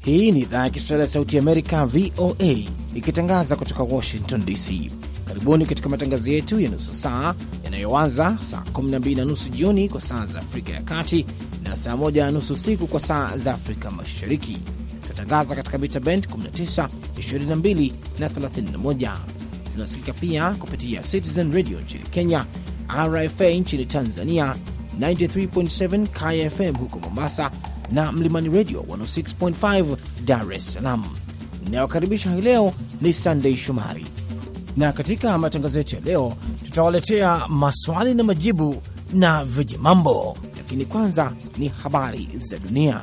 Hii ni idhaa ya Kiswahili ya Sauti Amerika, VOA, ikitangaza kutoka Washington DC. Karibuni katika matangazo yetu ya nusu saa yanayoanza saa 12 na nusu jioni kwa saa za Afrika ya Kati na saa 1 na nusu usiku kwa saa za Afrika Mashariki. Tunatangaza katika mita bend 19, 22 na 31 zinasikika pia kupitia Citizen Radio nchini Kenya, RFA nchini Tanzania, 93.7 KFM huko Mombasa na Mlimani Radio 106.5 Dar es Salaam. Inayokaribisha hii leo ni Sandei Shomari, na katika matangazo yetu ya leo tutawaletea maswali na majibu na vijimambo, lakini kwanza ni habari za dunia.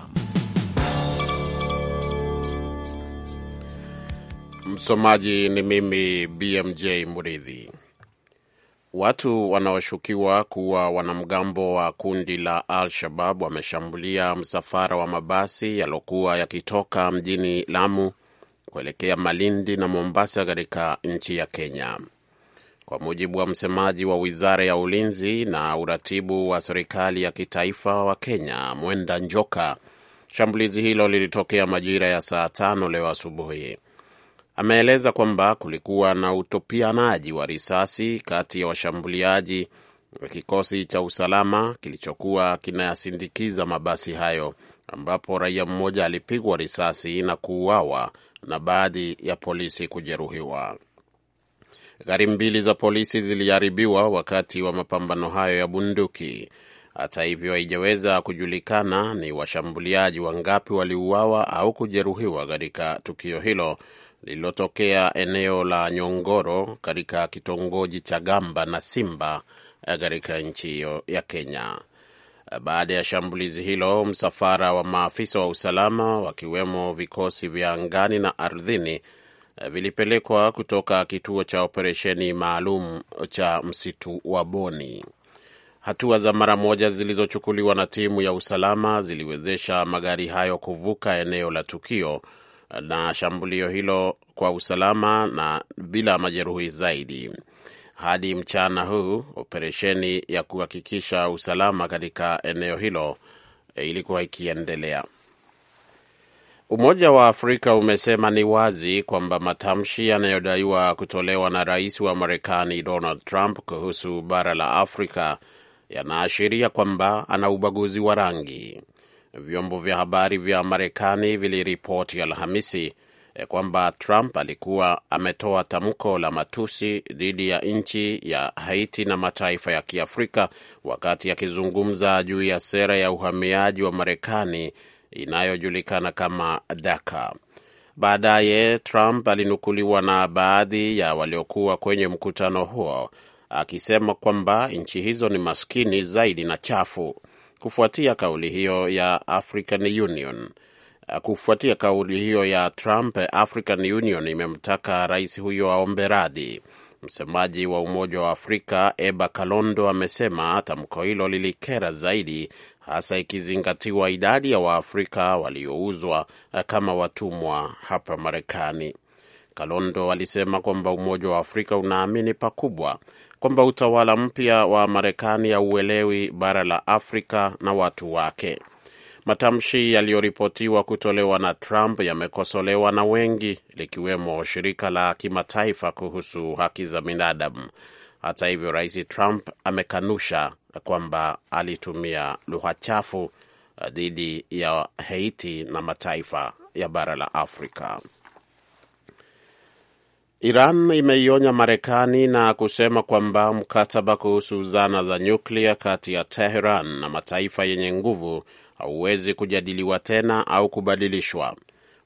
Msomaji ni mimi BMJ Mridhi. Watu wanaoshukiwa kuwa wanamgambo wa kundi la Al Shabab wameshambulia msafara wa mabasi yaliokuwa yakitoka mjini Lamu kuelekea Malindi na Mombasa katika nchi ya Kenya. Kwa mujibu wa msemaji wa wizara ya ulinzi na uratibu wa serikali ya kitaifa wa Kenya, Mwenda Njoka, shambulizi hilo lilitokea majira ya saa tano leo asubuhi ameeleza kwamba kulikuwa na utopianaji wa risasi kati ya washambuliaji na kikosi cha usalama kilichokuwa kinayasindikiza mabasi hayo, ambapo raia mmoja alipigwa risasi na kuuawa na baadhi ya polisi kujeruhiwa. Gari mbili za polisi ziliharibiwa wakati wa mapambano hayo ya bunduki. Hata hivyo, haijaweza kujulikana ni washambuliaji wangapi waliuawa au kujeruhiwa katika tukio hilo lililotokea eneo la Nyongoro katika kitongoji cha Gamba na Simba eh, katika nchi hiyo ya Kenya. Eh, baada ya shambulizi hilo, msafara wa maafisa wa usalama wakiwemo vikosi vya angani na ardhini eh, vilipelekwa kutoka kituo cha operesheni maalum cha msitu wa Boni. Hatua za mara moja zilizochukuliwa na timu ya usalama ziliwezesha magari hayo kuvuka eneo la tukio na shambulio hilo kwa usalama na bila majeruhi zaidi. Hadi mchana huu operesheni ya kuhakikisha usalama katika eneo hilo eh, ilikuwa ikiendelea. Umoja wa Afrika umesema ni wazi kwamba matamshi yanayodaiwa kutolewa na rais wa Marekani Donald Trump kuhusu bara la Afrika yanaashiria kwamba ana ubaguzi wa rangi vyombo vya habari vya Marekani viliripoti Alhamisi eh, kwamba Trump alikuwa ametoa tamko la matusi dhidi ya nchi ya Haiti na mataifa ya Kiafrika wakati akizungumza juu ya sera ya uhamiaji wa Marekani inayojulikana kama DACA. Baadaye Trump alinukuliwa na baadhi ya waliokuwa kwenye mkutano huo akisema kwamba nchi hizo ni maskini zaidi na chafu kufuatia kauli hiyo ya African Union. Uh, kufuatia kauli hiyo ya Trump, African Union imemtaka rais huyo aombe radhi. Msemaji wa Umoja wa Afrika Eba Kalondo amesema tamko hilo lilikera zaidi, hasa ikizingatiwa idadi ya Waafrika waliouzwa uh, kama watumwa hapa Marekani. Kalondo alisema kwamba Umoja wa Afrika unaamini pakubwa kwamba utawala mpya wa Marekani hauelewi bara la Afrika na watu wake. Matamshi yaliyoripotiwa kutolewa na Trump yamekosolewa na wengi, likiwemo shirika la kimataifa kuhusu haki za binadamu. Hata hivyo, Rais Trump amekanusha kwamba alitumia lugha chafu dhidi ya Haiti na mataifa ya bara la Afrika. Iran imeionya Marekani na kusema kwamba mkataba kuhusu zana za nyuklia kati ya Teheran na mataifa yenye nguvu hauwezi kujadiliwa tena au kubadilishwa.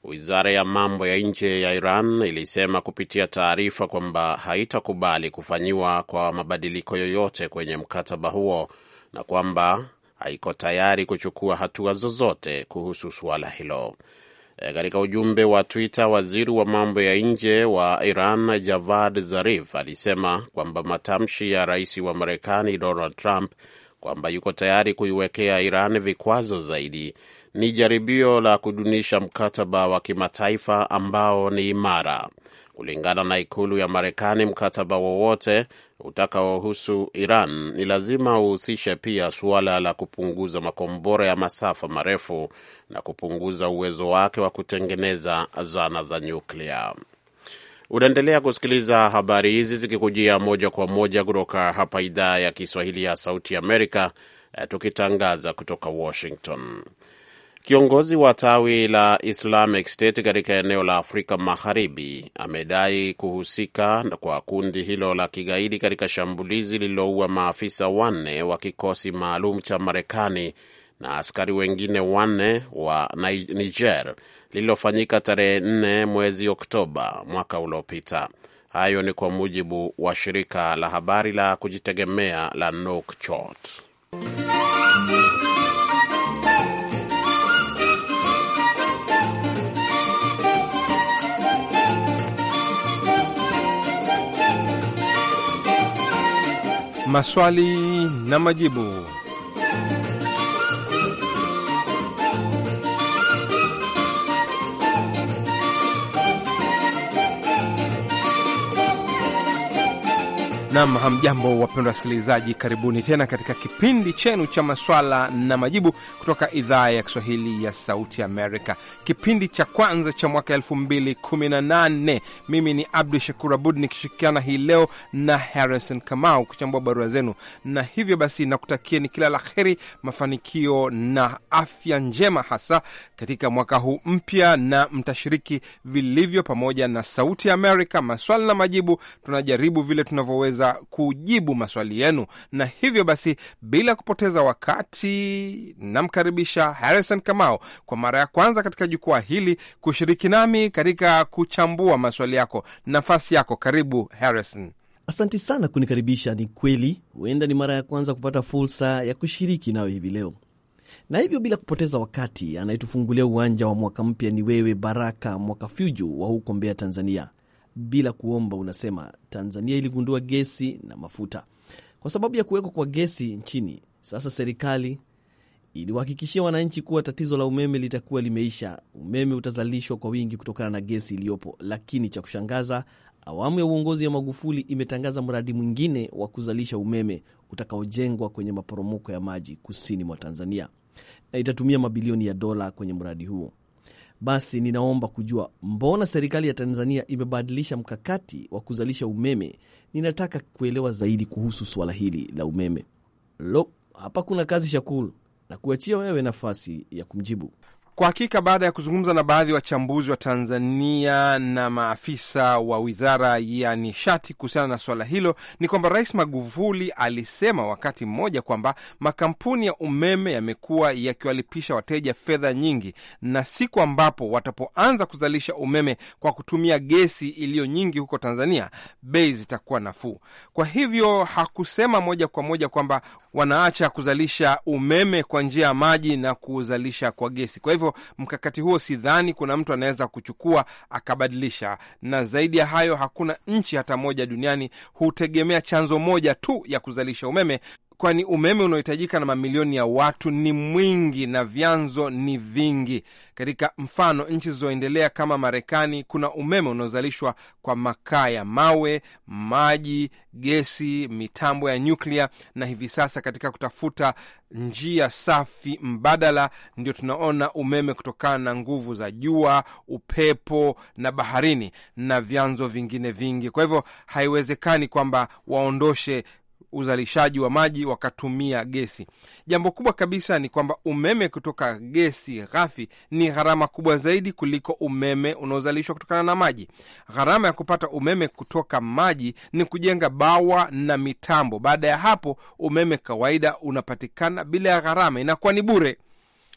Wizara ya mambo ya nje ya Iran ilisema kupitia taarifa kwamba haitakubali kufanyiwa kwa mabadiliko yoyote kwenye mkataba huo na kwamba haiko tayari kuchukua hatua zozote kuhusu suala hilo. Eh, katika ujumbe wa Twitter, waziri wa mambo ya nje wa Iran Javad Zarif alisema kwamba matamshi ya rais wa Marekani Donald Trump kwamba yuko tayari kuiwekea Iran vikwazo zaidi ni jaribio la kudunisha mkataba wa kimataifa ambao ni imara. Kulingana na ikulu ya Marekani, mkataba wowote utakaohusu Iran ni lazima uhusishe pia suala la kupunguza makombora ya masafa marefu na kupunguza uwezo wake wa kutengeneza zana za nyuklia. Unaendelea kusikiliza habari hizi zikikujia moja kwa moja kutoka hapa idhaa ya Kiswahili ya Sauti Amerika, eh, tukitangaza kutoka Washington. Kiongozi wa tawi la Islamic State katika eneo la Afrika Magharibi amedai kuhusika kwa kundi hilo la kigaidi katika shambulizi lililoua maafisa wanne wa kikosi maalum cha Marekani na askari wengine wanne wa Niger lililofanyika tarehe 4 mwezi Oktoba mwaka uliopita. Hayo ni kwa mujibu wa shirika la habari la kujitegemea la Nouakchott. maswali na majibu. Nam, hamjambo wapendwa wasikilizaji, karibuni tena katika kipindi chenu cha maswala na majibu kutoka idhaa ya Kiswahili ya Sauti Amerika, kipindi cha kwanza cha mwaka e218 Mimi ni Abdu Shakur Abud nikishirikiana hii leo na Harrison Kamau kuchambua barua zenu, na hivyo basi nakutakia ni kila la heri, mafanikio na afya njema, hasa katika mwaka huu mpya, na mtashiriki vilivyo pamoja na Sauti Amerika maswala na majibu. Tunajaribu vile tunavyoweza kuweza kujibu maswali yenu. Na hivyo basi, bila kupoteza wakati, namkaribisha Harrison Kamau kwa mara ya kwanza katika jukwaa hili kushiriki nami katika kuchambua maswali yako. Nafasi yako, karibu Harrison. Asanti sana kunikaribisha. Ni kweli huenda ni mara ya kwanza kupata fursa ya kushiriki nayo hivi leo, na hivyo bila kupoteza wakati, anayetufungulia uwanja wa mwaka mpya ni wewe Baraka mwaka fyuju wa huko Mbeya, Tanzania bila kuomba. Unasema Tanzania iligundua gesi na mafuta kwa sababu ya kuwekwa kwa gesi nchini. Sasa serikali iliwahakikishia wananchi kuwa tatizo la umeme litakuwa limeisha, umeme utazalishwa kwa wingi kutokana na gesi iliyopo. Lakini cha kushangaza, awamu ya uongozi ya Magufuli imetangaza mradi mwingine wa kuzalisha umeme utakaojengwa kwenye maporomoko ya maji kusini mwa Tanzania na itatumia mabilioni ya dola kwenye mradi huo basi ninaomba kujua mbona serikali ya Tanzania imebadilisha mkakati wa kuzalisha umeme. Ninataka kuelewa zaidi kuhusu swala hili la umeme. Lo, hapa kuna kazi, Shakuru, na kuachia wewe nafasi ya kumjibu. Kwa hakika baada ya kuzungumza na baadhi ya wa wachambuzi wa Tanzania na maafisa wa wizara ya nishati kuhusiana na suala hilo, ni kwamba Rais Magufuli alisema wakati mmoja kwamba makampuni ya umeme yamekuwa yakiwalipisha wateja fedha nyingi, na siku ambapo watapoanza kuzalisha umeme kwa kutumia gesi iliyo nyingi huko Tanzania, bei zitakuwa nafuu. Kwa hivyo hakusema moja kwa moja kwamba wanaacha kuzalisha umeme kwa njia ya maji na kuzalisha kwa gesi. Kwa hivyo hivyo mkakati huo sidhani kuna mtu anaweza kuchukua akabadilisha, na zaidi ya hayo hakuna nchi hata moja duniani hutegemea chanzo moja tu ya kuzalisha umeme kwani umeme unaohitajika na mamilioni ya watu ni mwingi na vyanzo ni vingi. Katika mfano nchi zilizoendelea kama Marekani, kuna umeme unaozalishwa kwa makaa ya mawe, maji, gesi, mitambo ya nyuklia, na hivi sasa katika kutafuta njia safi mbadala, ndio tunaona umeme kutokana na nguvu za jua, upepo na baharini na vyanzo vingine vingi. Kwa hivyo haiwezekani kwamba waondoshe uzalishaji wa maji wakatumia gesi. Jambo kubwa kabisa ni kwamba umeme kutoka gesi ghafi ni gharama kubwa zaidi kuliko umeme unaozalishwa kutokana na maji. Gharama ya kupata umeme kutoka maji ni kujenga bawa na mitambo. Baada ya hapo, umeme kawaida unapatikana bila ya gharama, inakuwa ni bure.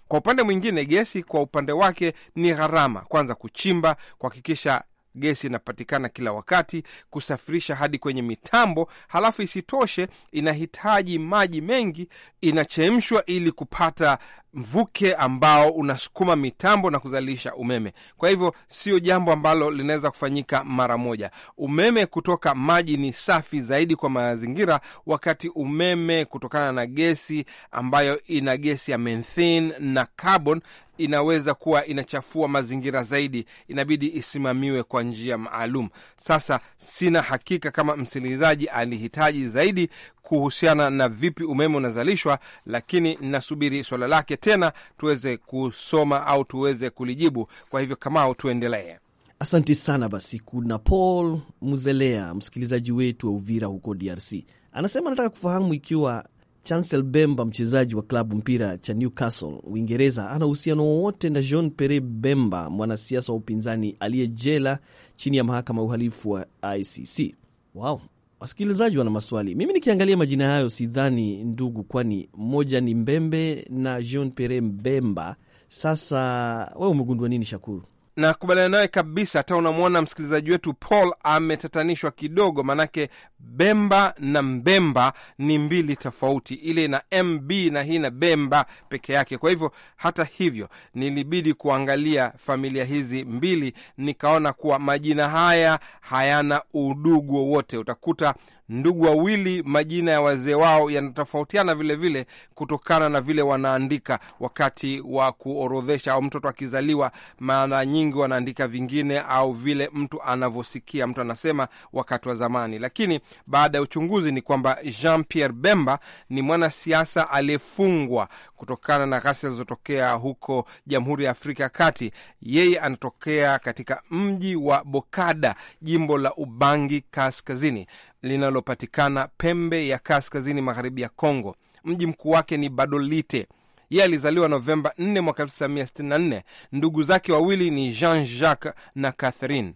Kwa upande mwingine, gesi kwa upande wake ni gharama, kwanza kuchimba, kuhakikisha gesi inapatikana kila wakati, kusafirisha hadi kwenye mitambo. Halafu isitoshe inahitaji maji mengi, inachemshwa ili kupata mvuke ambao unasukuma mitambo na kuzalisha umeme. Kwa hivyo sio jambo ambalo linaweza kufanyika mara moja. Umeme kutoka maji ni safi zaidi kwa mazingira, wakati umeme kutokana na gesi ambayo ina gesi ya methane na carbon inaweza kuwa inachafua mazingira zaidi, inabidi isimamiwe kwa njia maalum. Sasa sina hakika kama msikilizaji alihitaji zaidi kuhusiana na vipi umeme unazalishwa, lakini nasubiri swala lake tena tuweze kusoma au tuweze kulijibu. Kwa hivyo, Kamau, tuendelee. Asanti sana. Basi kuna Paul Muzelea, msikilizaji wetu wa Uvira huko DRC, anasema anataka kufahamu ikiwa Chancel Bemba, mchezaji wa klabu mpira cha Newcastle Uingereza, ana uhusiano wowote na Jean pere Bemba, mwanasiasa wa upinzani aliyejela chini ya mahakama ya uhalifu wa ICC. Wow, Wasikilizaji wana maswali. Mimi nikiangalia majina hayo sidhani ndugu, kwani mmoja ni Mbembe na Jean Pierre Mbemba. Sasa wewe umegundua nini, Shakuru? Nakubaliana naye kabisa. Hata unamwona msikilizaji wetu Paul ametatanishwa kidogo, maanake Bemba na Mbemba ni mbili tofauti, ile na MB na hii na Bemba peke yake. Kwa hivyo hata hivyo, nilibidi kuangalia familia hizi mbili, nikaona kuwa majina haya hayana udugu wowote. Utakuta ndugu wawili majina ya wazee wao yanatofautiana vilevile kutokana na vile wanaandika wakati wa kuorodhesha, au mtoto akizaliwa, mara nyingi wanaandika vingine, au vile mtu anavyosikia, mtu anasema wakati wa zamani, lakini baada ya uchunguzi ni kwamba Jean Pierre Bemba ni mwanasiasa aliyefungwa kutokana na ghasia zilizotokea huko Jamhuri ya Afrika ya Kati. Yeye anatokea katika mji wa Bokada, jimbo la Ubangi Kaskazini linalopatikana pembe ya kaskazini magharibi ya congo Mji mkuu wake ni Badolite. Yeye alizaliwa Novemba 4 mwaka 1964. Ndugu zake wawili ni Jean Jacques na Catherine.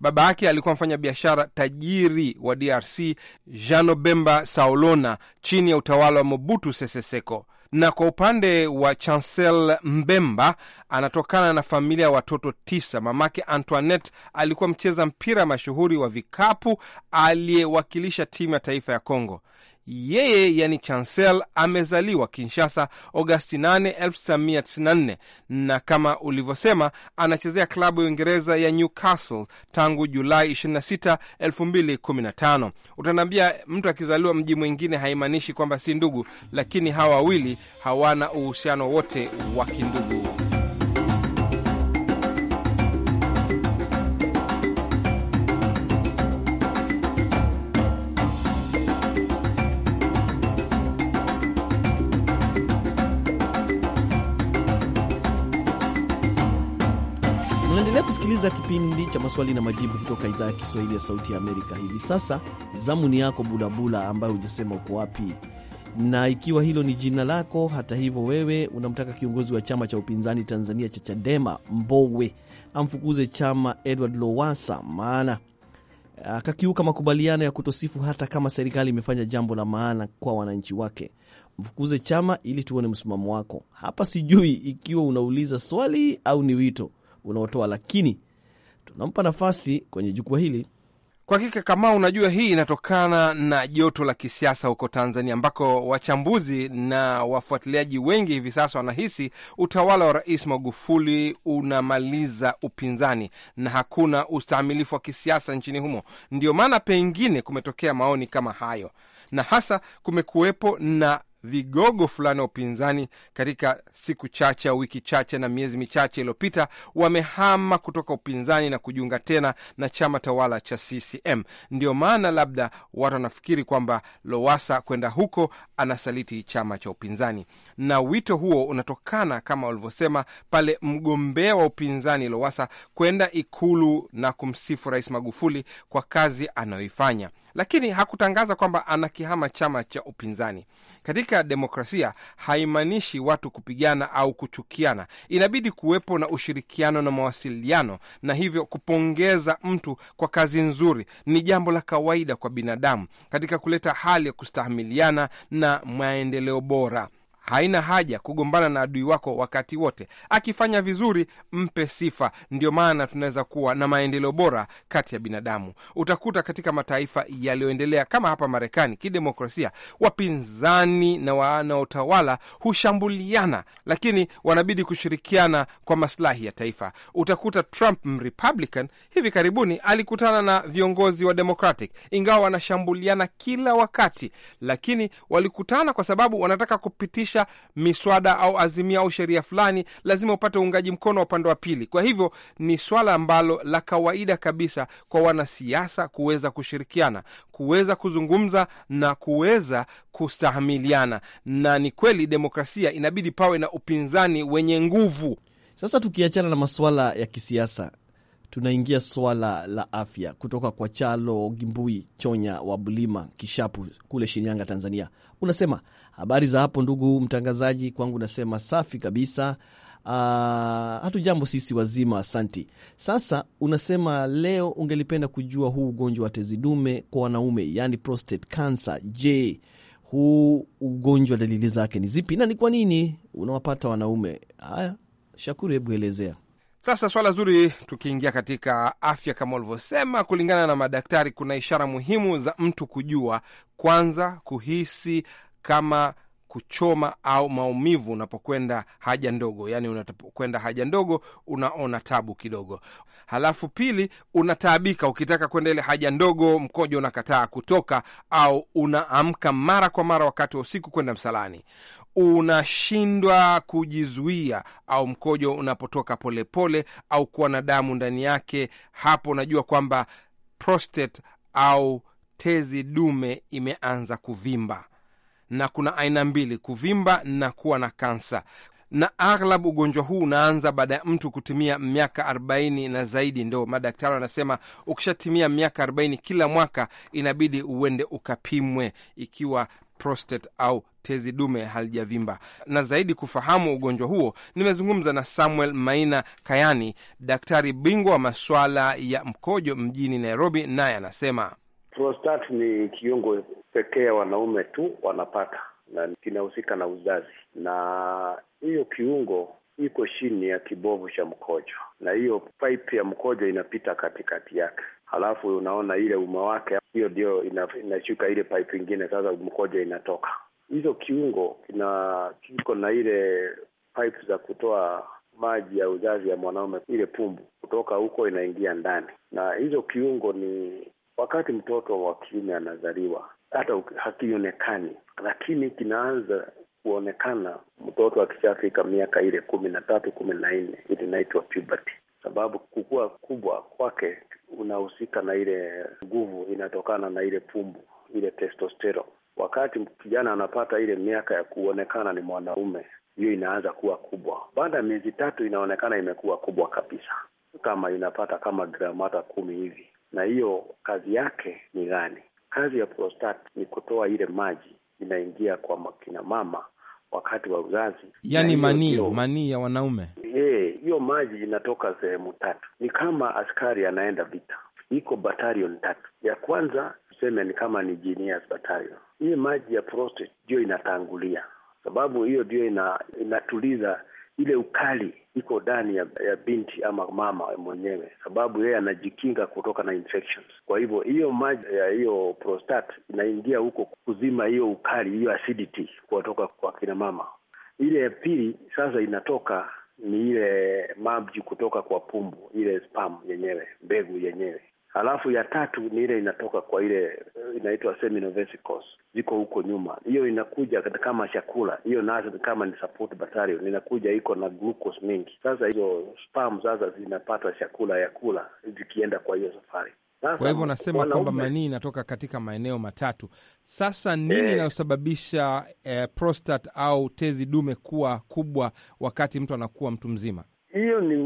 Baba yake alikuwa mfanya biashara tajiri wa DRC Jano Bemba Saolona chini ya utawala wa Mobutu Sese Seko na kwa upande wa Chancel Mbemba anatokana na familia ya watoto tisa. Mamake Antoinette alikuwa mcheza mpira mashuhuri wa vikapu aliyewakilisha timu ya taifa ya Kongo. Yeye yani Chancel amezaliwa Kinshasa Agosti 8, 1994 na kama ulivyosema, anachezea klabu ya Uingereza ya Newcastle tangu Julai 26, 2015. Utaniambia mtu akizaliwa mji mwingine haimaanishi kwamba si ndugu, lakini hawa wawili hawana uhusiano wote wa kindugu. kusikiliza kipindi cha maswali na majibu kutoka idhaa ya Kiswahili ya Sauti ya Amerika. Hivi sasa zamu ni yako Bulabula, ambayo hujasema uko wapi na ikiwa hilo ni jina lako. Hata hivyo, wewe unamtaka kiongozi wa chama cha upinzani Tanzania cha Chadema Mbowe amfukuze chama Edward Lowasa, maana akakiuka ah, makubaliano ya kutosifu hata kama serikali imefanya jambo la maana kwa wananchi wake. Mfukuze chama ili tuone msimamo wako hapa. Sijui ikiwa unauliza swali au ni wito unaotoa, lakini tunampa nafasi kwenye jukwaa hili. Kwa hakika, kama unajua, hii inatokana na joto la kisiasa huko Tanzania, ambako wachambuzi na wafuatiliaji wengi hivi sasa wanahisi utawala wa Rais Magufuli unamaliza upinzani na hakuna ustaamilifu wa kisiasa nchini humo. Ndio maana pengine kumetokea maoni kama hayo, na hasa kumekuwepo na vigogo fulani wa upinzani katika siku chache au wiki chache na miezi michache iliyopita wamehama kutoka upinzani na kujiunga tena na chama tawala cha CCM. Ndio maana labda watu wanafikiri kwamba Lowasa kwenda huko anasaliti chama cha upinzani, na wito huo unatokana kama walivyosema pale, mgombea wa upinzani Lowasa kwenda Ikulu na kumsifu Rais Magufuli kwa kazi anayoifanya lakini hakutangaza kwamba anakihama chama cha upinzani. Katika demokrasia haimaanishi watu kupigana au kuchukiana, inabidi kuwepo na ushirikiano na mawasiliano, na hivyo kupongeza mtu kwa kazi nzuri ni jambo la kawaida kwa binadamu katika kuleta hali ya kustahamiliana na maendeleo bora. Haina haja kugombana na adui wako wakati wote. Akifanya vizuri, mpe sifa. Ndio maana tunaweza kuwa na maendeleo bora kati ya binadamu. Utakuta katika mataifa yaliyoendelea kama hapa Marekani kidemokrasia, wapinzani na wanaotawala hushambuliana, lakini wanabidi kushirikiana kwa maslahi ya taifa. Utakuta Trump mrepublican hivi karibuni alikutana na viongozi wa Democratic, ingawa wanashambuliana kila wakati, lakini walikutana kwa sababu wanataka kupitisha kupitisha miswada au azimia au sheria fulani, lazima upate uungaji mkono wa upande wa pili. Kwa hivyo ni swala ambalo la kawaida kabisa kwa wanasiasa kuweza kushirikiana, kuweza kuzungumza na kuweza kustahamiliana, na ni kweli demokrasia inabidi pawe na upinzani wenye nguvu. Sasa tukiachana na masuala ya kisiasa tunaingia swala la afya kutoka kwa Chalo Gimbui Chonya wa Bulima Kishapu kule Shinyanga, Tanzania. Unasema Habari za hapo, ndugu mtangazaji? Kwangu nasema safi kabisa. Uh, jambo sisi wazima, asanti. Sasa unasema leo ungelipenda kujua huu ugonjwa wa tezi dume kwa wanaume, yani prostate cancer. Je, huu ugonjwa dalili zake ni zipi na ni kwa nini unawapata wanaume? Haya, Shakuru, hebu elezea. Sasa swala zuri. Tukiingia katika afya, kama ulivyosema, kulingana na madaktari, kuna ishara muhimu za mtu kujua, kwanza kuhisi kama kuchoma au maumivu unapokwenda haja ndogo, yani unapokwenda haja ndogo unaona tabu kidogo. Halafu pili, unataabika ukitaka kwenda ile haja ndogo, mkojo unakataa kutoka, au unaamka mara kwa mara wakati wa usiku kwenda msalani, unashindwa kujizuia, au mkojo unapotoka polepole pole, au kuwa na damu ndani yake. Hapo unajua kwamba prostate au tezi dume imeanza kuvimba na kuna aina mbili, kuvimba na kuwa na kansa na aghlabu ugonjwa huu unaanza baada ya mtu kutimia miaka arobaini na zaidi. Ndo madaktari wanasema ukishatimia miaka arobaini kila mwaka inabidi uende ukapimwe ikiwa prostate au tezi dume halijavimba. Na zaidi kufahamu ugonjwa huo, nimezungumza na Samuel Maina Kayani, daktari bingwa wa masuala ya mkojo mjini Nairobi, naye anasema Prostat ni kiungo pekee ya wanaume tu wanapata na kinahusika na uzazi, na hiyo kiungo iko chini ya kibovu cha mkojo, na hiyo pipe ya mkojo inapita katikati yake. Halafu unaona ile uma wake, hiyo ndio inashuka ile pipe ingine, sasa mkojo inatoka. Hizo kiungo kina kiko na ile pipe za kutoa maji ya uzazi ya mwanaume, ile pumbu kutoka huko inaingia ndani, na hizo kiungo ni Wakati mtoto wa kiume anazaliwa, hata hakionekani, lakini kinaanza kuonekana mtoto akishafika miaka ile kumi na tatu kumi na nne inaitwa puberty, sababu kukua kubwa kwake unahusika na ile nguvu inatokana na ile pumbu, ile testosterone. Wakati kijana anapata ile miaka ya kuonekana ni mwanaume, hiyo inaanza kuwa kubwa. Baada ya miezi tatu inaonekana imekuwa kubwa kabisa, kama inapata kama gramata kumi hivi na hiyo kazi yake ni gani? Kazi ya prostat ni kutoa ile maji inaingia kwa kina mama wakati wa uzazi, yani manii manii ya wanaume. Eh, hiyo maji inatoka sehemu tatu, ni kama askari anaenda vita. Iko batalion tatu. Ya kwanza tuseme ni kama ni juniors Hii maji ya prostate ndio inatangulia, sababu hiyo ndio ina, inatuliza ile ukali iko ndani ya, ya binti ama mama mwenyewe, sababu yeye anajikinga kutoka na infections. Kwa hivyo hiyo maji ya hiyo prostate inaingia huko kuzima hiyo ukali, hiyo acidity kutoka kwa kina mama. Ile ya pili sasa inatoka ni ile maji kutoka kwa pumbu, ile sperm yenyewe, mbegu yenyewe. Alafu ya tatu ni ile inatoka kwa ile inaitwa seminovesicles, ziko huko nyuma. Hiyo inakuja kama chakula, hiyo nazo kama ni support battalion, inakuja iko na glucose mingi. Sasa hizo sperm sasa zinapata chakula ya kula zikienda kwa hiyo safari. Sasa, kwa hivyo unasema kwamba manii inatoka katika maeneo matatu. Sasa nini eh. inayosababisha e, e, prostate au tezi dume kuwa kubwa wakati mtu anakuwa mtu mzima? Hiyo ni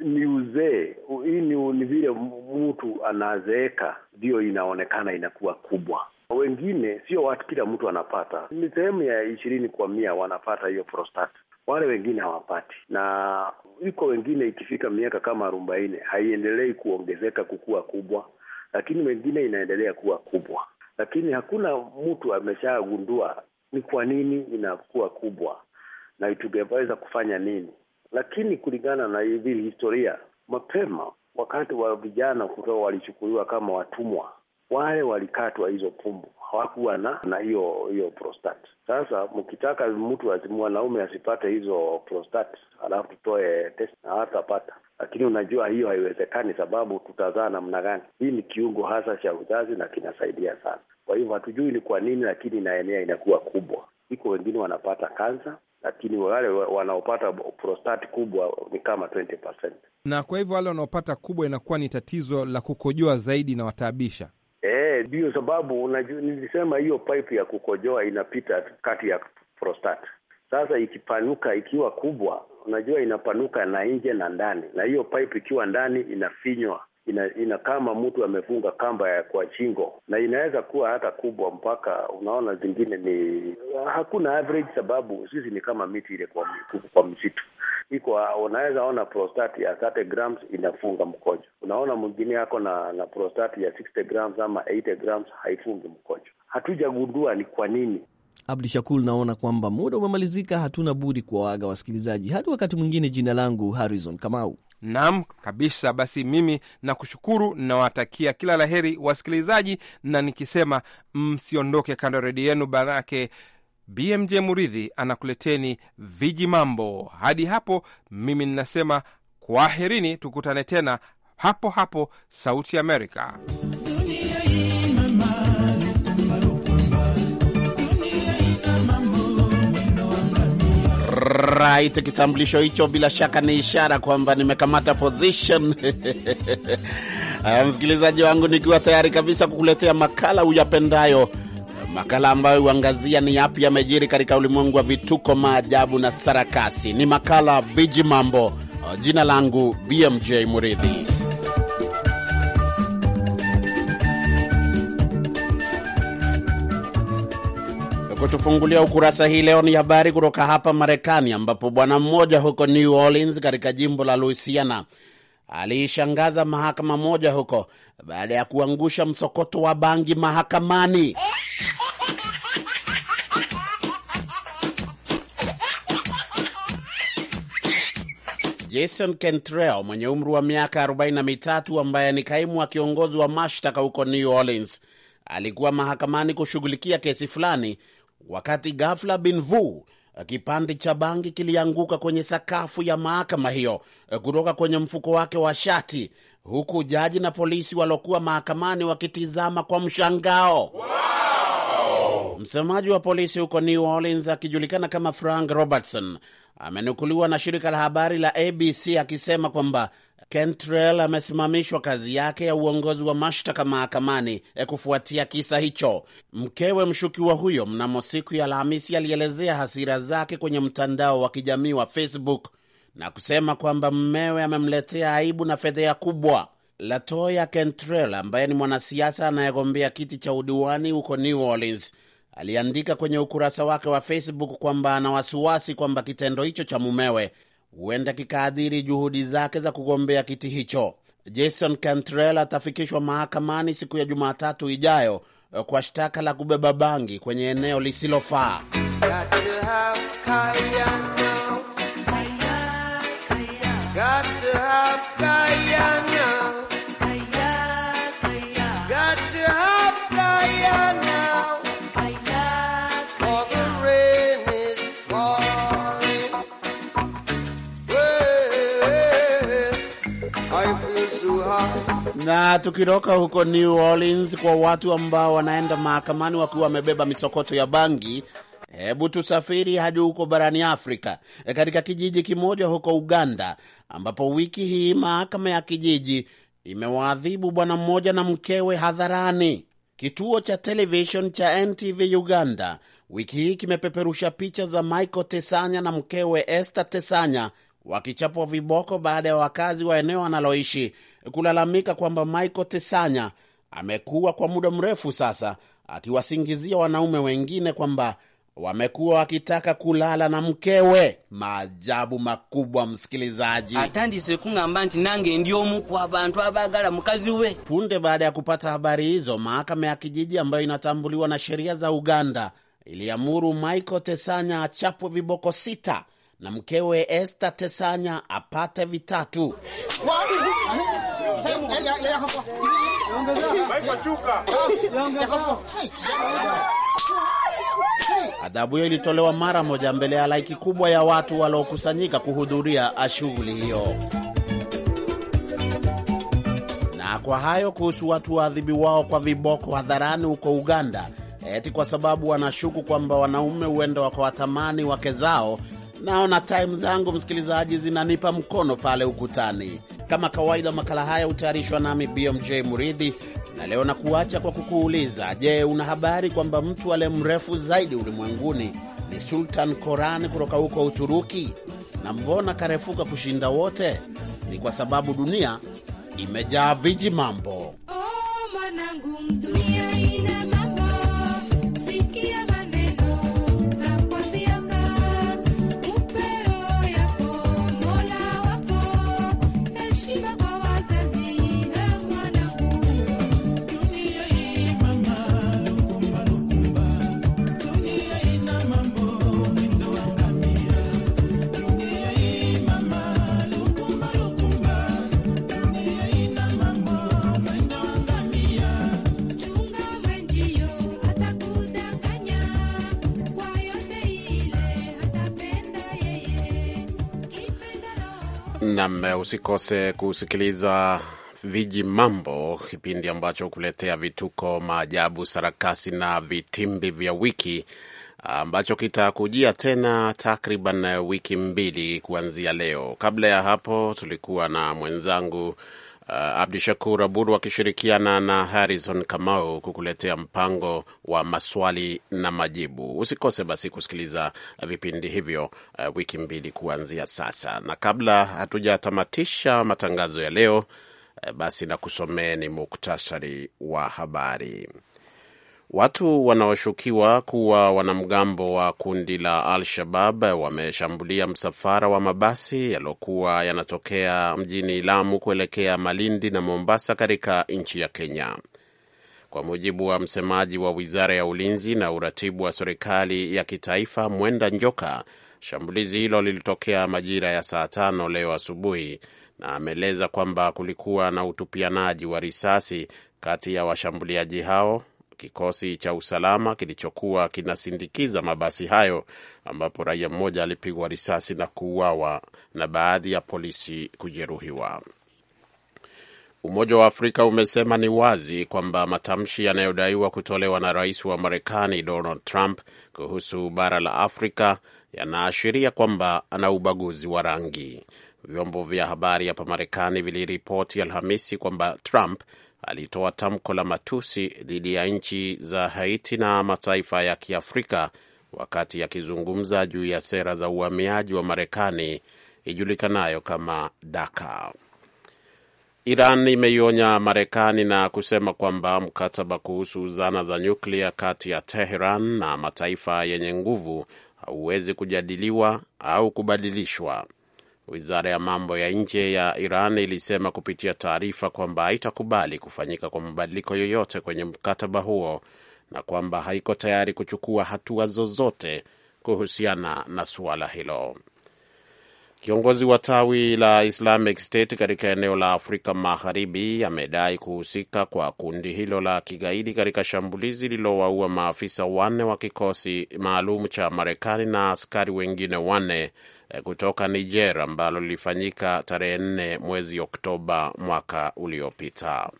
ni uzee. Hii ni, ni vile mtu anazeeka ndiyo inaonekana inakuwa kubwa. Wengine sio watu, kila mtu anapata, ni sehemu ya ishirini kwa mia wanapata hiyo prostate, wale wengine hawapati, na iko wengine ikifika miaka kama arobaini haiendelei kuongezeka kukuwa kubwa, lakini wengine inaendelea kuwa kubwa, lakini hakuna mtu ameshagundua ni kwa nini inakuwa kubwa na tungeweza kufanya nini lakini kulingana na hivi historia, mapema wakati wa vijana kutoa walichukuliwa kama watumwa, wale walikatwa hizo pumbu, hawakuwa na na hiyo hiyo prostat. Sasa mkitaka mtu mwanaume asipate hizo prostat, alafu tutoe test na hatapata lakini unajua hiyo haiwezekani, sababu tutazaa namna gani? Hii ni kiungo hasa cha uzazi na kinasaidia sana. Kwa hivyo hatujui ni kwa nini, lakini inaenea, inakuwa kubwa. Iko wengine wanapata kansa, lakini wale wanaopata prostati kubwa ni kama 20%. Na kwa hivyo wale wanaopata kubwa inakuwa ni tatizo la kukojoa zaidi na wataabisha eh, ndiyo. E, sababu nilisema hiyo pipe ya kukojoa inapita kati ya prostate. Sasa ikipanuka ikiwa kubwa, unajua inapanuka na nje na ndani, na hiyo pipe ikiwa ndani inafinywa ina, ina kama mtu amefunga kamba ya kwa shingo, na inaweza kuwa hata kubwa, mpaka unaona zingine ni hakuna average, sababu sisi ni kama miti ile kwa, kwa msitu iko unaweza ona prostati ya 30 grams inafunga mkojo. Unaona mwingine yako na na prostati ya 60 grams ama 80 grams haifungi mkojo. Hatujagundua ni kwa nini. Abdi Shakul, naona kwamba muda umemalizika, hatuna budi kuwaaga wasikilizaji hadi wakati mwingine. Jina langu Harrison Kamau. Naam kabisa. Basi mimi nakushukuru, nawatakia kila laheri wasikilizaji, na nikisema msiondoke kando ya redio yenu, banake BMJ Muridhi anakuleteni viji mambo. Hadi hapo mimi ninasema kwaherini, tukutane tena hapo hapo Sauti Amerika. right, kitambulisho hicho bila shaka ni ishara kwamba nimekamata position msikilizaji wangu, nikiwa tayari kabisa kukuletea makala uyapendayo, makala ambayo huangazia ni yapi yamejiri katika ulimwengu wa vituko, maajabu na sarakasi. Ni makala Viji Mambo. Jina langu BMJ Muridhi. kutufungulia ukurasa hii leo ni habari kutoka hapa Marekani, ambapo bwana mmoja huko New Orleans katika jimbo la Louisiana aliishangaza mahakama moja huko baada ya kuangusha msokoto wa bangi mahakamani. Jason Cantrell mwenye umri wa miaka 43 ambaye ni kaimu wa kiongozi wa mashtaka huko New Orleans alikuwa mahakamani kushughulikia kesi fulani wakati ghafla bin vu eh, kipande cha bangi kilianguka kwenye sakafu ya mahakama hiyo eh, kutoka kwenye mfuko wake wa shati, huku jaji na polisi waliokuwa mahakamani wakitizama kwa mshangao. Wow! Msemaji wa polisi huko New Orleans akijulikana kama Frank Robertson amenukuliwa na shirika la habari la ABC akisema kwamba Kentrell amesimamishwa kazi yake ya uongozi wa mashtaka mahakamani eh, kufuatia kisa hicho. Mkewe mshukiwa huyo mnamo siku ya Alhamisi alielezea hasira zake kwenye mtandao wa kijamii wa Facebook na kusema kwamba mmewe amemletea aibu na fedheha kubwa. Latoya Kentrell ambaye ni mwanasiasa anayegombea kiti cha udiwani huko New Orleans aliandika kwenye ukurasa wake wa Facebook kwamba ana wasiwasi kwamba kitendo hicho cha mumewe huenda kikaadhiri juhudi zake za kugombea kiti hicho. Jason Cantrell atafikishwa mahakamani siku ya Jumatatu ijayo eh, kwa shtaka la kubeba bangi kwenye eneo lisilofaa. na tukitoka huko New Orleans kwa watu ambao wanaenda mahakamani wakiwa wamebeba misokoto ya bangi, hebu tusafiri hadi huko barani Afrika, e, katika kijiji kimoja huko Uganda, ambapo wiki hii mahakama ya kijiji imewaadhibu bwana mmoja na mkewe hadharani. Kituo cha television cha NTV Uganda wiki hii kimepeperusha picha za Michael Tesanya na mkewe Esther Tesanya wakichapwa viboko baada ya wakazi wa eneo analoishi kulalamika kwamba Michael Tesanya amekuwa kwa muda mrefu sasa akiwasingizia wanaume wengine kwamba wamekuwa wakitaka kulala na mkewe. Maajabu makubwa, msikilizaji. atandise kungamba nti nange ndi kwa bantu abagala mukazi we. Punde baada ya kupata habari hizo, mahakama ya kijiji ambayo inatambuliwa na sheria za Uganda iliamuru Michael Tesanya achapwe viboko sita na mkewe Esther Tesanya apate vitatu. Adhabu hiyo ilitolewa mara moja mbele ya halaiki kubwa ya watu waliokusanyika kuhudhuria shughuli hiyo. Na kwa hayo kuhusu watu waadhibi wao kwa viboko hadharani huko Uganda, eti kwa sababu wanashuku kwamba wanaume huenda wakawatamani wake zao Naona taimu zangu msikilizaji zinanipa mkono pale ukutani. Kama kawaida, makala haya hutayarishwa nami BMJ Muridhi, na leo na kuacha kwa kukuuliza, je, una habari kwamba mtu aliye mrefu zaidi ulimwenguni ni Sultan Koran kutoka huko Uturuki? Na mbona karefuka kushinda wote? Ni kwa sababu dunia imejaa viji mambo. Oh, Nam, usikose kusikiliza Viji Mambo, kipindi ambacho kuletea vituko, maajabu, sarakasi na vitimbi vya wiki ambacho kitakujia tena takriban wiki mbili kuanzia leo. Kabla ya hapo tulikuwa na mwenzangu Uh, Abdi Shakur Abud wakishirikiana na Harrison Kamau kukuletea mpango wa maswali na majibu. Usikose basi kusikiliza vipindi hivyo uh, wiki mbili kuanzia sasa, na kabla hatujatamatisha matangazo ya leo uh, basi na ni muktasari wa habari. Watu wanaoshukiwa kuwa wanamgambo wa kundi la Al-Shabab wameshambulia msafara wa mabasi yaliokuwa yanatokea mjini Lamu kuelekea Malindi na Mombasa katika nchi ya Kenya. Kwa mujibu wa msemaji wa Wizara ya Ulinzi na Uratibu wa Serikali ya Kitaifa, Mwenda Njoka, shambulizi hilo lilitokea majira ya saa tano leo asubuhi, na ameeleza kwamba kulikuwa na utupianaji wa risasi kati ya washambuliaji hao kikosi cha usalama kilichokuwa kinasindikiza mabasi hayo, ambapo raia mmoja alipigwa risasi na kuuawa na baadhi ya polisi kujeruhiwa. Umoja wa Afrika umesema ni wazi kwamba matamshi yanayodaiwa kutolewa na rais wa Marekani Donald Trump kuhusu bara la Afrika yanaashiria kwamba ana ubaguzi wa rangi. Vyombo vya habari hapa Marekani viliripoti Alhamisi kwamba Trump alitoa tamko la matusi dhidi ya nchi za Haiti na mataifa ya Kiafrika wakati akizungumza juu ya sera za uhamiaji wa Marekani ijulikanayo kama Daka. Iran imeionya Marekani na kusema kwamba mkataba kuhusu zana za nyuklia kati ya Teheran na mataifa yenye nguvu hauwezi kujadiliwa au kubadilishwa. Wizara ya mambo ya nje ya Iran ilisema kupitia taarifa kwamba haitakubali kufanyika kwa mabadiliko yoyote kwenye mkataba huo na kwamba haiko tayari kuchukua hatua zozote kuhusiana na suala hilo. Kiongozi wa tawi la Islamic State katika eneo la Afrika Magharibi amedai kuhusika kwa kundi hilo la kigaidi katika shambulizi lililowaua maafisa wanne wa kikosi maalum cha Marekani na askari wengine wanne Eh, kutoka Niger ambalo lilifanyika tarehe nne mwezi Oktoba mwaka uliopita.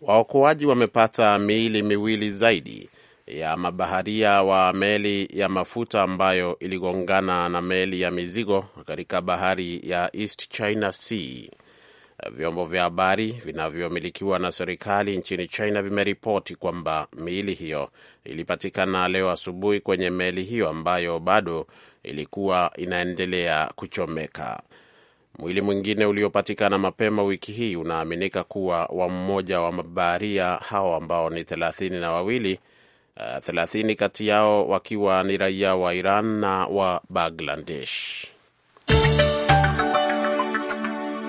Waokoaji wamepata miili miwili zaidi ya mabaharia wa meli ya mafuta ambayo iligongana na meli ya mizigo katika bahari ya East China Sea vyombo vya habari vinavyomilikiwa na serikali nchini China vimeripoti kwamba miili hiyo ilipatikana leo asubuhi kwenye meli hiyo ambayo bado ilikuwa inaendelea kuchomeka. Mwili mwingine uliopatikana mapema wiki hii unaaminika kuwa wa mmoja wa mabaharia hao ambao ni thelathini na wawili, eh, thelathini kati yao wakiwa ni raia wa Iran na wa Bangladesh.